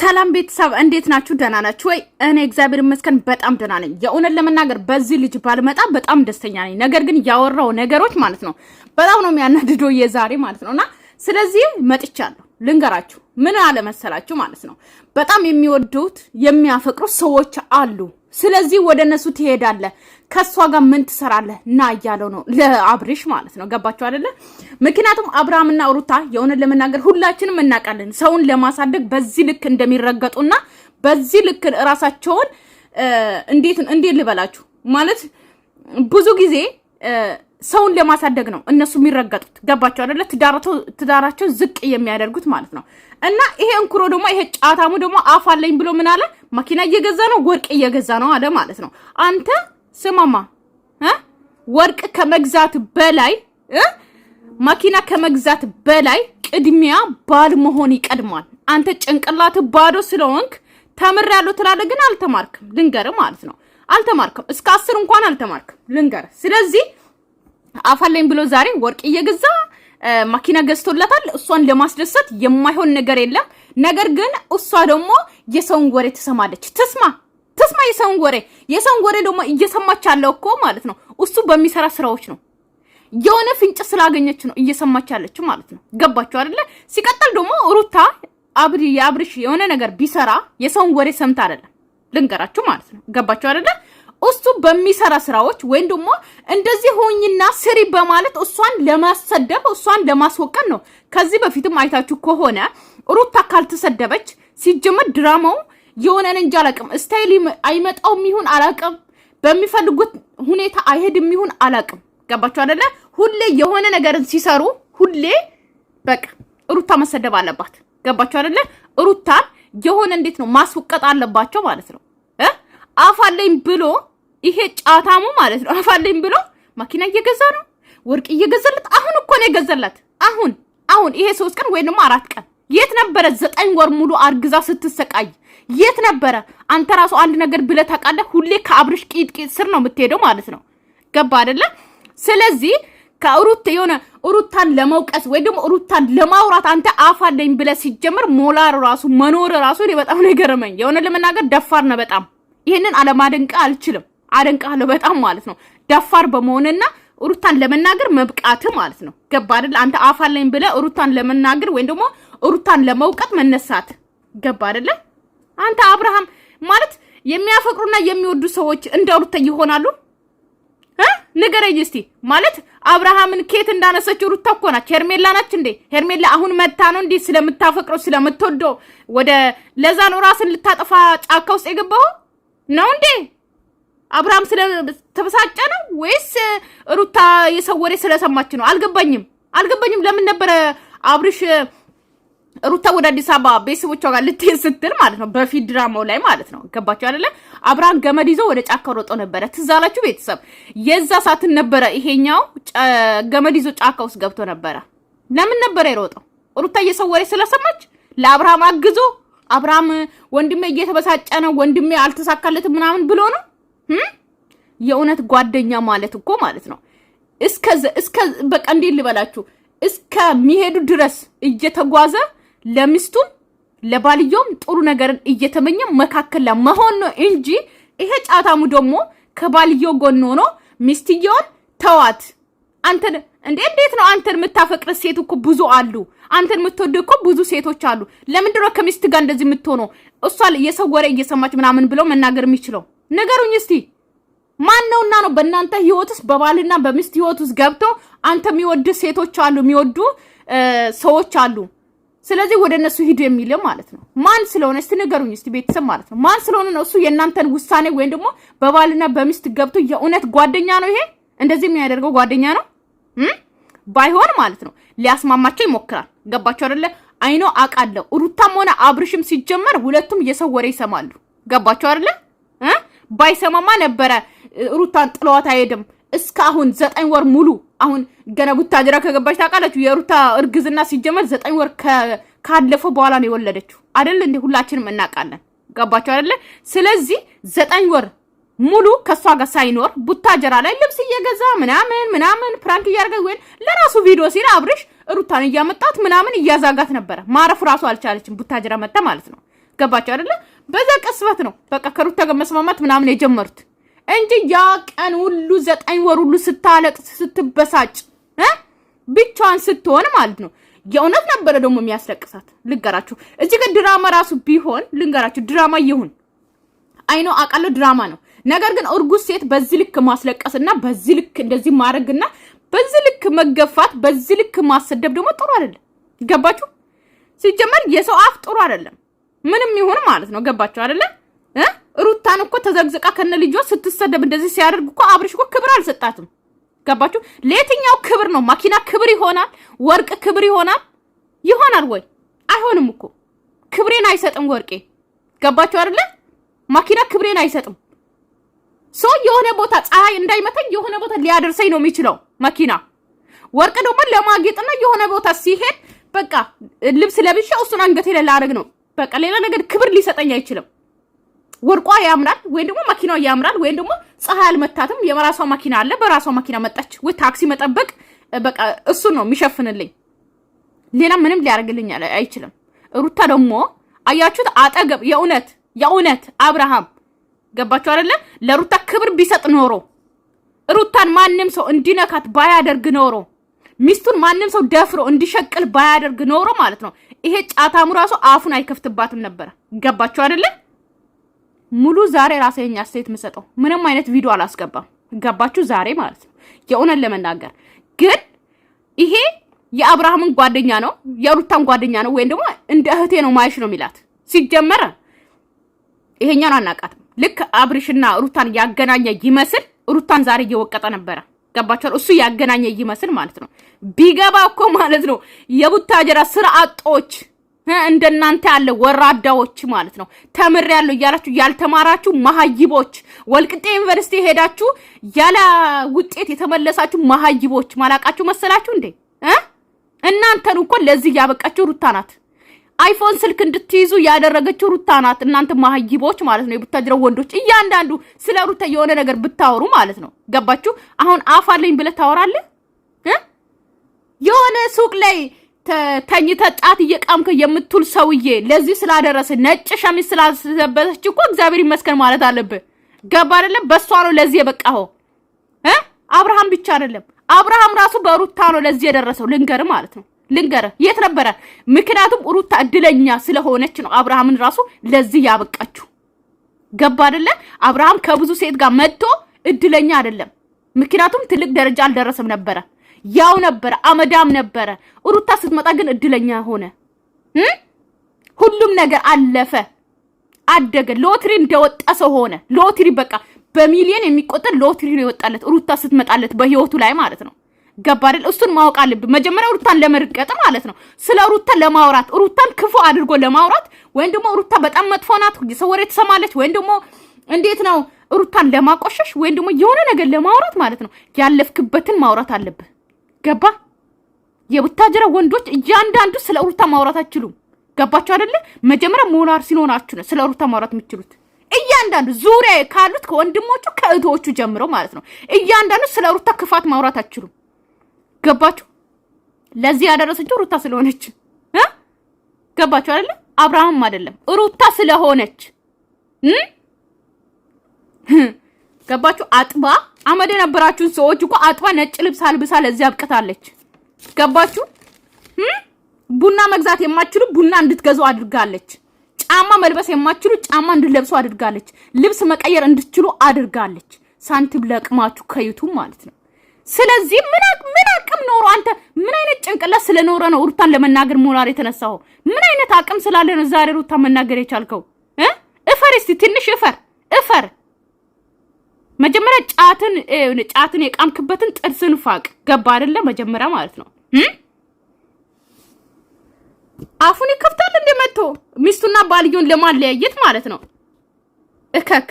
ሰላም ቤተሰብ እንዴት ናችሁ? ደህና ናችሁ ወይ? እኔ እግዚአብሔር ይመስገን በጣም ደህና ነኝ። የእውነት ለመናገር በዚህ ልጅ ባልመጣ በጣም ደስተኛ ነኝ። ነገር ግን ያወራው ነገሮች ማለት ነው በጣም ነው የሚያናድደው የዛሬ ማለት ነው። እና ስለዚህ መጥቻለሁ ልንገራችሁ ምን አለመሰላችሁ ማለት ነው በጣም የሚወዱት የሚያፈቅሩት ሰዎች አሉ ስለዚህ ወደ እነሱ ትሄዳለህ፣ ከእሷ ጋር ምን ትሰራለህ እና እያለው ነው ለአብርሽ ማለት ነው። ገባቸው አይደለ? ምክንያቱም አብርሃምና ሩታ የእውነት ለመናገር ሁላችንም እናውቃለን ሰውን ለማሳደግ በዚህ ልክ እንደሚረገጡና በዚህ ልክ እራሳቸውን እንዴት እንዴት ልበላችሁ ማለት ብዙ ጊዜ ሰውን ለማሳደግ ነው እነሱ የሚረገጡት። ገባቸው አደለ? ትዳራቸው ዝቅ የሚያደርጉት ማለት ነው። እና ይሄ እንኩሮ ደግሞ ይሄ ጫታሙ ደግሞ አፍ አለኝ ብሎ ምን አለ? መኪና እየገዛ ነው፣ ወርቅ እየገዛ ነው አለ ማለት ነው። አንተ ስማማ ወርቅ ከመግዛት በላይ መኪና ከመግዛት በላይ ቅድሚያ ባል መሆን ይቀድማል። አንተ ጭንቅላት ባዶ ስለሆንክ ተምሬያለሁ ትላለህ፣ ግን አልተማርክም። ልንገርህ ማለት ነው አልተማርክም። እስከ አስር እንኳን አልተማርክም ልንገር። ስለዚህ አፋለኝ ብሎ ዛሬ ወርቅ እየገዛ ማኪና ገዝቶላታል። እሷን ለማስደሰት የማይሆን ነገር የለም። ነገር ግን እሷ ደግሞ የሰውን ወሬ ትሰማለች። ትስማ ትስማ የሰውን ወሬ የሰውን ወሬ ደግሞ እየሰማች ያለው እኮ ማለት ነው እሱ በሚሰራ ስራዎች ነው የሆነ ፍንጭ ስላገኘች ነው እየሰማች ያለች ማለት ነው። ገባችሁ አይደለ? ሲቀጥል ደግሞ ሩታ አብሪ የአብርሽ የሆነ ነገር ቢሰራ የሰውን ወሬ ሰምታ አይደለም ልንገራችሁ ማለት ነው። ገባችሁ አደለ? እሱ በሚሰራ ስራዎች ወይም ደግሞ እንደዚህ ሆኝና ስሪ በማለት እሷን ለማሰደብ እሷን ለማስወቀን ነው። ከዚህ በፊትም አይታችሁ ከሆነ ሩታ ካልተሰደበች ሲጀመር ድራማው የሆነን እንጂ አላቅም ስታይል አይመጣውም ይሁን አላቅም፣ በሚፈልጉት ሁኔታ አይሄድም ይሁን አላቅም። ገባችሁ አደለ? ሁሌ የሆነ ነገርን ሲሰሩ ሁሌ በቃ ሩታ መሰደብ አለባት። ገባችሁ አደለ? ሩታን የሆነ እንዴት ነው ማስወቀጥ አለባቸው ማለት ነው። አፋለኝ ብሎ ይሄ ጫታሙ ማለት ነው አፋለኝ ብሎ መኪና እየገዛ ነው፣ ወርቅ እየገዛለት አሁን እኮ ነው የገዛላት። አሁን አሁን ይሄ ሶስት ቀን ወይንም አራት ቀን የት ነበረ? ዘጠኝ ወር ሙሉ አርግዛ ስትሰቃይ የት ነበረ? አንተ ራሱ አንድ ነገር ብለህ ታውቃለህ? ሁሌ ከአብርሽ ቂጥቂጥ ስር ነው የምትሄደው ማለት ነው። ገባ አይደለ ስለዚህ ከሩት የሆነ ሩታን ለመውቀስ ወይ ደግሞ ሩታን ለማውራት አንተ አፋለኝ ብለህ ሲጀምር ሞላር ራሱ መኖር ራሱ እኔ በጣም ነው የገረመኝ። የሆነ ለመናገር ደፋር ነው በጣም ይሄንን አለማደንቅ አልችልም። አደንቃለሁ በጣም ማለት ነው ደፋር በመሆንና ሩታን ለመናገር መብቃት ማለት ነው። ገባ አይደል? አንተ አፋለኝ ብለህ ሩታን ለመናገር ወይም ደግሞ ሩታን ለመውቀት መነሳት ገባ አይደለ? አንተ አብርሃም ማለት የሚያፈቅሩና የሚወዱ ሰዎች እንደ ሩታ ይሆናሉ? ንገረኝ እስቲ ማለት አብርሃምን ኬት እንዳነሰችው ሩታ እኮ ናች። ሄርሜላ ናች እንዴ? ሄርሜላ አሁን መታ ነው እንዲህ ስለምታፈቅረው ስለምትወደው ወደ ለዛ ነው ራስን ልታጠፋ ጫካ ውስጥ የገባው ነው እንዴ? አብርሃም ስለተበሳጨ ነው ወይስ ሩታ የሰው ወሬ ስለሰማች ነው? አልገባኝም፣ አልገባኝም። ለምን ነበረ አብርሽ ሩታ ወደ አዲስ አበባ ቤተሰቦቿ ጋር ልትሄድ ስትል ማለት ነው፣ በፊት ድራማው ላይ ማለት ነው። ገባችሁ አይደለ? አብርሃም ገመድ ይዞ ወደ ጫካ ሮጦ ነበረ። ትዝ አላችሁ ቤተሰብ? የዛ ሳትን ነበረ። ይሄኛው ገመድ ይዞ ጫካ ውስጥ ገብቶ ነበረ። ለምን ነበረ የሮጠው? ሩታ እየሰወረ ስለሰማች ለአብርሃም አግዞ አብርሃም ወንድሜ እየተበሳጨ ነው፣ ወንድሜ አልተሳካለትም ምናምን ብሎ ነው። የእውነት ጓደኛ ማለት እኮ ማለት ነው እስከ በቃ እንዴት ልበላችሁ እስከሚሄዱ ድረስ እየተጓዘ ለሚስቱም ለባልየውም ጥሩ ነገርን እየተመኘ መካከል ላይ መሆን ነው እንጂ ይሄ ጫታሙ ደግሞ ከባልየው ጎን ሆኖ ሚስትየውን ተዋት አንተን እንዴ እንዴት ነው አንተን የምታፈቅር ሴት እኮ ብዙ አሉ። አንተን የምትወድ እኮ ብዙ ሴቶች አሉ። ለምንድን ነው ከሚስት ጋር እንደዚህ የምትሆነው? እሷ የሰው ወሬ እየሰማች ምናምን ብለው መናገር የሚችለው ነገሩኝ። እስቲ ማን ነውና ነው በእናንተ ህይወት ውስጥ በባልና በሚስት ህይወት ውስጥ ገብቶ አንተ የሚወድ ሴቶች አሉ፣ የሚወዱ ሰዎች አሉ። ስለዚህ ወደ እነሱ ሂዱ የሚል ማለት ነው። ማን ስለሆነ እስቲ ንገሩኝ፣ እስቲ ቤተሰብ ማለት ነው። ማን ስለሆነ ነው እሱ የእናንተን ውሳኔ ወይም ደግሞ በባልና በሚስት ገብቶ የእውነት ጓደኛ ነው ይሄ እንደዚህ የሚያደርገው ጓደኛ ነው ባይሆን ማለት ነው ሊያስማማቸው ይሞክራል። ገባቸው አደለ? አይኖ አቃለው ሩታም ሆነ አብርሽም ሲጀመር ሁለቱም የሰው ወሬ ይሰማሉ። ገባቸው አደለ? ባይሰማማ ነበረ ሩታን ጥለዋት አይሄድም እስከ አሁን ዘጠኝ ወር ሙሉ አሁን ገና ቡታጅራ ከገባች ታውቃላችሁ። የሩታ እርግዝና ሲጀመር ዘጠኝ ወር ካለፈ በኋላ ነው የወለደችው አደል እንደ ሁላችንም እናውቃለን። ገባቸው አደለ? ስለዚህ ዘጠኝ ወር ሙሉ ከእሷ ጋር ሳይኖር ቡታጀራ ላይ ልብስ እየገዛ ምናምን ምናምን ፕራንክ እያደረገ ወይም ለራሱ ቪዲዮ ሲል አብርሽ ሩታን እያመጣት ምናምን እያዛጋት ነበረ። ማረፍ ራሱ አልቻለችም። ቡታጀራ መጣ ማለት ነው። ገባቸው አደለ? በዛ ቅስበት ነው በቃ ከሩታ ጋር መስማማት ምናምን የጀመሩት። እንጂ ያ ቀን ሁሉ ዘጠኝ ወር ሁሉ ስታለቅስ ስትበሳጭ ብቻዋን ስትሆን ማለት ነው። የእውነት ነበረ ደግሞ የሚያስለቅሳት ልንገራችሁ። እዚህ ግን ድራማ ራሱ ቢሆን ልንገራችሁ፣ ድራማ ይሁን አይኖ አውቃለሁ፣ ድራማ ነው። ነገር ግን እርጉዝ ሴት በዚህ ልክ ማስለቀስና በዚህ ልክ እንደዚህ ማድረግና በዚህ ልክ መገፋት፣ በዚህ ልክ ማሰደብ ደግሞ ጥሩ አይደለም። ገባችሁ? ሲጀመር የሰው አፍ ጥሩ አይደለም። ምንም ይሁን ማለት ነው። ገባችሁ አይደለም? ሩታን እኮ ተዘግዝቃ ከነ ልጇ ስትሰደብ እንደዚህ ሲያደርግ እኮ አብርሽ እኮ ክብር አልሰጣትም። ገባችሁ? ለየትኛው ክብር ነው? ማኪና ክብር ይሆናል? ወርቅ ክብር ይሆናል? ይሆናል ወይ? አይሆንም እኮ ክብሬን አይሰጥም ወርቄ። ገባችሁ አይደለ? ማኪና ክብሬን አይሰጥም። ሰው የሆነ ቦታ ፀሐይ እንዳይመታኝ የሆነ ቦታ ሊያደርሰኝ ነው የሚችለው መኪና። ወርቅ ደግሞ ለማጌጥና የሆነ ቦታ ሲሄድ በቃ ልብስ ለብሼ እሱን አንገቴ ላይ ላደርግ ነው። በቃ ሌላ ነገር ክብር ሊሰጠኝ አይችልም። ወርቋ ያምራል ወይም ደግሞ መኪናው ያምራል ወይም ደግሞ ፀሐይ አልመታትም። የራሷ መኪና አለ፣ በራሷ መኪና መጣች። ወይ ታክሲ መጠበቅ በቃ እሱ ነው የሚሸፍንልኝ። ሌላ ምንም ሊያደርግልኝ አይችልም። ሩታ ደግሞ አያችሁት አጠገብ የእውነት የእውነት አብርሃም ገባችሁ አይደለ? ለሩታ ክብር ቢሰጥ ኖሮ ሩታን ማንም ሰው እንዲነካት ባያደርግ ኖሮ ሚስቱን ማንም ሰው ደፍሮ እንዲሸቅል ባያደርግ ኖሮ ማለት ነው ይሄ ጫታሙ ራሱ አፉን አይከፍትባትም ነበረ። ገባችሁ አይደለ? ሙሉ ዛሬ ራሴን አስተያየት የምሰጠው ምንም አይነት ቪዲዮ አላስገባም። ገባችሁ? ዛሬ ማለት ነው። የእውነት ለመናገር ግን ይሄ የአብርሃምን ጓደኛ ነው የሩታን ጓደኛ ነው ወይም ደግሞ እንደ እህቴ ነው ማየሽ ነው የሚላት። ሲጀመረ ይሄኛን አናቃትም። ልክ አብርሽና ሩታን ያገናኘ ይመስል ሩታን ዛሬ እየወቀጠ ነበረ። ገባችኋል? እሱ ያገናኘ ይመስል ማለት ነው። ቢገባ እኮ ማለት ነው የቡታጀራ ስራ አጦች እንደናንተ ያለ ወራዳዎች ማለት ነው። ያለው እያላችሁ ያልተማራችሁ መሀይቦች፣ ወልቅጤ ዩኒቨርሲቲ ሄዳችሁ ያለ ውጤት የተመለሳችሁ መሀይቦች ማላቃችሁ መሰላችሁ እንዴ? እናንተን እኮ ለዚህ ያበቃችሁ ሩታ ናት። አይፎን ስልክ እንድትይዙ ያደረገችው ሩታ ናት። እናንተ መሀይቦች ማለት ነው። የቡታጅራው ወንዶች እያንዳንዱ ስለ ሩታ የሆነ ነገር ብታወሩ ማለት ነው። ገባችሁ? አሁን አፋለኝ ብለህ ታወራለህ የሆነ ሱቅ ላይ ተኝተ ጫት እየቃምከ የምትውል ሰውዬ ለዚህ ስላደረሰ ነጭ ሸሚዝ ስላስለበሰች እኮ እግዚአብሔር ይመስገን ማለት አለብህ። ገባ አይደለም? በእሷ ነው ለዚህ የበቃኸው። አብርሃም ብቻ አይደለም፣ አብርሃም ራሱ በሩታ ነው ለዚህ የደረሰው። ልንገር ማለት ነው ልንገር፣ የት ነበረ? ምክንያቱም ሩታ እድለኛ ስለሆነች ነው አብርሃምን ራሱ ለዚህ ያበቃችሁ። ገባ አደለም አብርሃም ከብዙ ሴት ጋር መጥቶ እድለኛ አይደለም፣ ምክንያቱም ትልቅ ደረጃ አልደረሰም ነበረ። ያው ነበረ፣ አመዳም ነበረ። ሩታ ስትመጣ ግን እድለኛ ሆነ። ሁሉም ነገር አለፈ፣ አደገ። ሎትሪ እንደወጣ ሰው ሆነ። ሎትሪ በቃ በሚሊየን የሚቆጠር ሎትሪ ነው የወጣለት ሩታ ስትመጣለት በህይወቱ ላይ ማለት ነው። ገባ አይደል? እሱን ማወቅ አለብን መጀመሪያ ሩታን ለመርቀጥ ማለት ነው። ስለ ሩታ ለማውራት ሩታን ክፉ አድርጎ ለማውራት ወይም ደግሞ ሩታ በጣም መጥፎ ናት፣ የሰው ወሬ ትሰማለች፣ ወይም ደግሞ እንዴት ነው ሩታን ለማቆሸሽ ወይም ደግሞ የሆነ ነገር ለማውራት ማለት ነው ያለፍክበትን ማውራት አለብን ገባ? የቡታጀራ ወንዶች እያንዳንዱ ስለ ሩታ ማውራት አይችሉም። ገባችሁ አይደለ? መጀመሪያ ሞራል ሲኖራችሁ ነው ስለ ሩታ ማውራት የምችሉት እያንዳንዱ ዙሪያ ካሉት ከወንድሞቹ ከእህቶቹ ጀምረው ማለት ነው። እያንዳንዱ ስለ ሩታ ክፋት ማውራት አይችሉም። ገባችሁ? ለዚህ ያደረሰችው ሩታ ስለሆነች ገባችሁ አይደለ? አብርሃም አይደለም ሩታ ስለሆነች ገባችሁ አጥባ አመድ የነበራችሁን ሰዎች እኮ አጥባ ነጭ ልብስ አልብሳ ለዚህ አብቅታለች። ገባችሁ? ቡና መግዛት የማችሉ ቡና እንድትገዙ አድርጋለች። ጫማ መልበስ የማችሉ ጫማ እንድትለብሱ አድርጋለች። ልብስ መቀየር እንድትችሉ አድርጋለች። ሳንቲም ለቅማችሁ ከይቱ ማለት ነው። ስለዚህ ምን ምን አቅም ኖሮ አንተ ምን አይነት ጭንቅላት ስለኖረ ነው ሩታን ለመናገር ሞራል የተነሳው? ምን አይነት አቅም ስላለ ነው ዛሬ ሩታ መናገር የቻልከው? እፈር እስቲ ትንሽ እፈር። መጀመሪያ ጫትን ጫትን የቃምክበትን ጥርስን ፋቅ ገባ አይደለ? መጀመሪያ ማለት ነው። አፉን ይከፍታል እንደ መጥቶ ሚስቱና ባልየውን ለማለያየት ማለት ነው እከክ